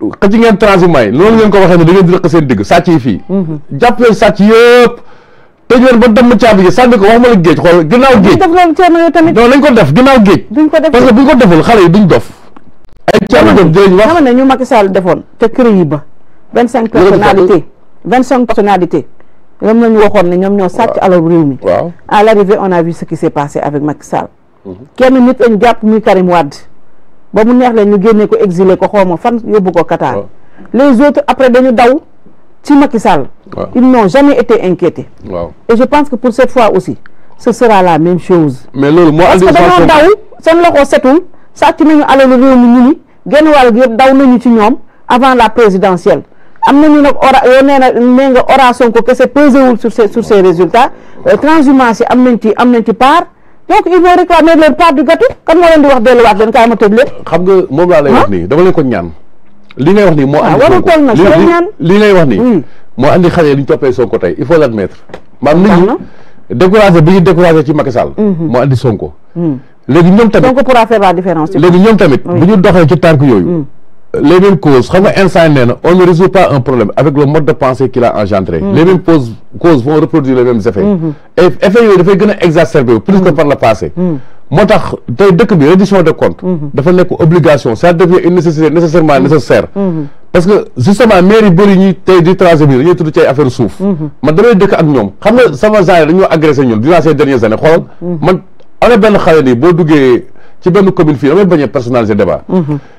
xëcc ngeen transhumant yi loolu ngeen ko waxee ne da ngeen di rëq seen digg sàcc yi fii mhm. jàpp leen sàcc yëpp tëj leen ba dem caabi gi sànni ko wax ma la géej xool ginnaaw géej non lañ ko def ginnaaw géej parce que bu ko deful xale yi duñ dof ay Thierno Diop jërëjëf wax xam ne ñu Macky Sall defoon te kër yi ba 25 personnalité 25 personnalité ñoom la ñu waxoon ne ñoom ñoo sàcc alalu réew mi à l' arrivée on a vu ce qui s' est passé avec Macky Sall mhm. kenn nit lañ jàpp muy Karim Wade ba mu neex leen ñu génné ko exilé ko xawma fan yóbbu ko Qatar les autres après dañu daw ci Macky Sall ils n'ont jamais été inquiétés et je pense que pour cette fois aussi ce sera la même chose mais loolu moo parce que dañoo daw seen loxo setul sàcc nañu alalu réew mi ñu ni genn gi daw nañu ci ñom avant la présidentielle amna ñu nak ora yow nee na nee nga pesé Sonko sur ces sur ces résultats euh, transhumance yi ci am ci part donc ils vont réclamer leur part du gâteau kan moo leen di wax delluwaat leen kaay ma tëj leen. xam nga moom laa lay wax ah? nii dama leen ko ñaan. li ngay wax nii moo ah, andi. waaw toll wax nii. Hmm. moo andi xale yi ñu toppee Sonko tey il faut l'admettre. maam nit ñi découragé bi ñu découragé ci Macky Sall. Hmm, hmm. moo andi Sonko. léegi ñoom tamit Sonko pourra faire la différence. léegi ñoom tamit bu ñu doxee ci tànk yooyu. les mêmes causes comme nga on ne résout pas un problème avec le mode de pensée qu'il a engendré mm-hmm. les mêmes causes vont reproduire les mêmes effets mm-hmm. et effets qui dafay exacerbés. plus que par le passé mm-hmm. Moi, tax bi reddition de compte dafa une obligation ça devient une nécessité nécessairement nécessaire parce que justement mairie bëri ñi tey di transhumance dañuy tudd ci ay affaire souffle. man damay dëkk ak ñoom xam des sama genre nous agressé ñun durant ces dernières années xoolal man ana benn de nii boo duggee ci benn commune fii damay bañ a personnaliser débat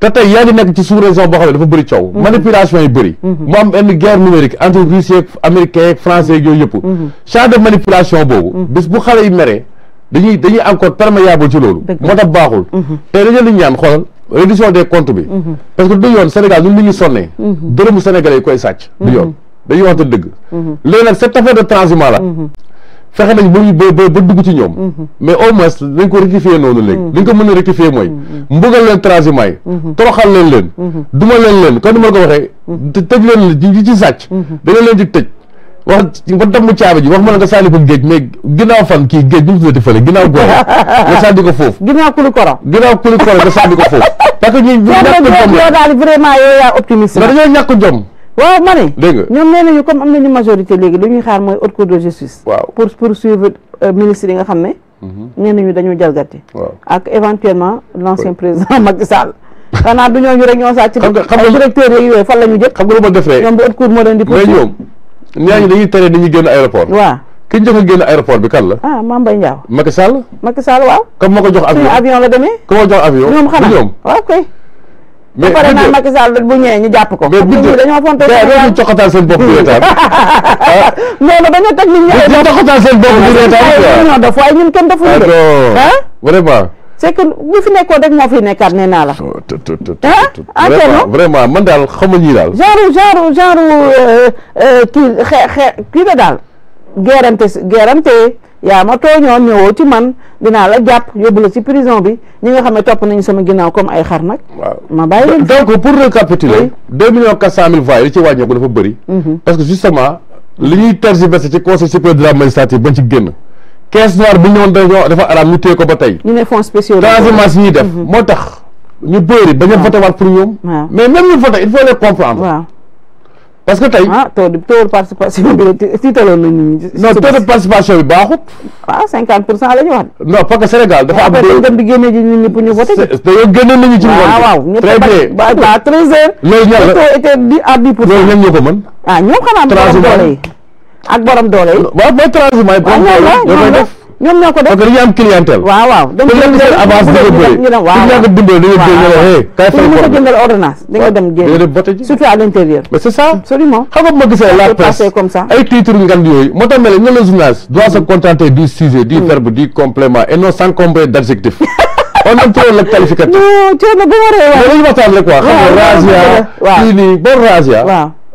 te tey yaa ngi nekk ci sous région boo xam ne dafa bëri coow. Mm-hmm. manipulation yi bëri. Mm-hmm. mu am benn guerre numérique entre russe américain yeeg français yooyu yëpp. Mm-hmm. champ manipulation boobu. bis bu xale yi meree dañuy dañuy encore perméable ci loolu. moo tax baaxul. tey dañu ñaan xoolal reddition des comptes bi. parce que du yoon Sénégal ñun ñu ngi sonnee. dërëmu Sénégalais yi koy sàcc. du yoon dañuy waxante dëgg. léegi nag cette affaire de transhumance la. fexe nañ ba ba ba dugg ci ñoom mhm. mais au moins dañ ko rectifier noonu léegi li mhm. nga ko mën a rectifier mooy mhm. mbugal leen transiment yi toroxal leen leen duma leen leen comme ni ma la ko waxee tëj leen ji ci sàcc da leen di tëj wax ba damm caabi ji wax ma nga sànni ko géej mais ginnaaw fan kii géej bi mu tuddati fële ginnaaw góor nga sànni ko foofu ginnaaw kuli koro ginnaaw kuli koro nga sànni ko foofu parce que ñu ñàkk jom daal vraiment dañoo ñàkk jom waaw ma ne. dégg ñoom nee nañu comme am nañu majorité léegi lu ñuy xaar mooy haute cour de justice. waaw pour poursuivre euh, ministre nga xam ne. Mhm. nee nañu dañu jalgati. ak éventuellement l' ancien président Macky Sall. xanaa du ñooñu rek ñoo sàcc. xam nga xam directeur yooyu fan la ñu xam nga lu ma def rek ñoom bu haute cour moo doon di. poursuivre mais ñoom. ñaañu dañuy tere dañuy génn aéroport. waaw ki ñu jox a génn aéroport bi kan la. ah Mame Mbaye Ndiaye. Macky Sall. Macky Sall waaw. comme moo ko jox avion suñu demee. comme moo jox avion ñoom mais budget dafa Macky Sall bu ñëwee ñu jàpp ko. mais budget dañoo fonte dañoo coxatal seen bopp di reetaan. non non dañoo teg nit ñi. dañoo coxatal seen bopp di reetaan ñoo def waaye ñun kenn defuñu de. ah vraiment. c'est que bu fi nekkoon rek moo fi nekkaat nee naa la. Ah? ah vraiment vraiment man daal xamu ñii daal. genre genre genre euh, euh, kii xe kii la daal. gérante gérante. yaa ma tooñoon ñëwoo ci man dinaa la jàpp yóbbu la ci prison bi ñi nga xam ne topp nañu sama ginnaaw comme ay xar nag. waaw ma bàyyi leen donc pour récapituler. deux millions mhm. ñuy def mhm. moo tax. ñu bëri bañ a voté waat pour ñoom. mais même ñu voté il faut les comprendre. parce que tey ah taux de taux de participation bi tiitaloon nañ nit ñi. non taux de participation bi baaxut. waaw cinquante pour cent la ñu wax. non parce que Sénégal dafa am. dañu dem di génne ji nit ñi pour ñu voté. dañoo génne nañu ci ngoon bi. très bien waaw waaw treize heures. loolu ñaar la taux était di à dix pour cent. loolu ñoom ñoo ko mën. ah ñoom xanaa borom doole yi ak borom doole yi. waaw mooy transhumance. waaw ñoom la ñoom la ñoom ñoo def parce que am clientèle waaw waaw dañu avance dafa bëri ñu waaw ñu ko dañu jënd hé kay fay ko jëndal ordonnance da nga dem jënd surtout à l'intérieur mais c'est ça absolument xam nga ma gisee la presse comme ça ay titres ngan yooyu moo tax mel ne le journaliste doit se contenter du sujet du verbe du complément et non s'encombrer d'adjectifs on aime trop le qualificatif non tu ne bon ré waaw dañu waxtaan rek quoi xam nga bon razzia waaw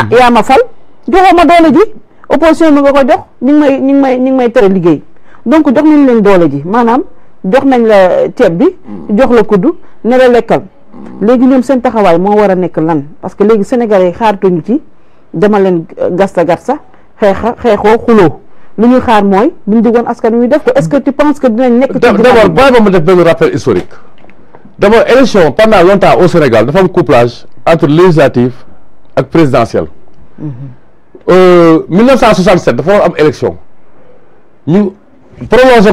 et ma fal opposition donc jox nañ leen doole ji maanaam jox nañ la ceeb bi jox la kudd ne la lekkal léegi ñoom seen parce que les sénégalais yi xaaratuñu ci dama leen gasta Garsa, xeexa xeexoo xuloo lu xaar askan est-ce que tu penses que dinañ d' pendant longtemps au Sénégal dafa am couplage entre législative ak présidentielle. Euh, 1967 dafa war am élection ñu prolongé.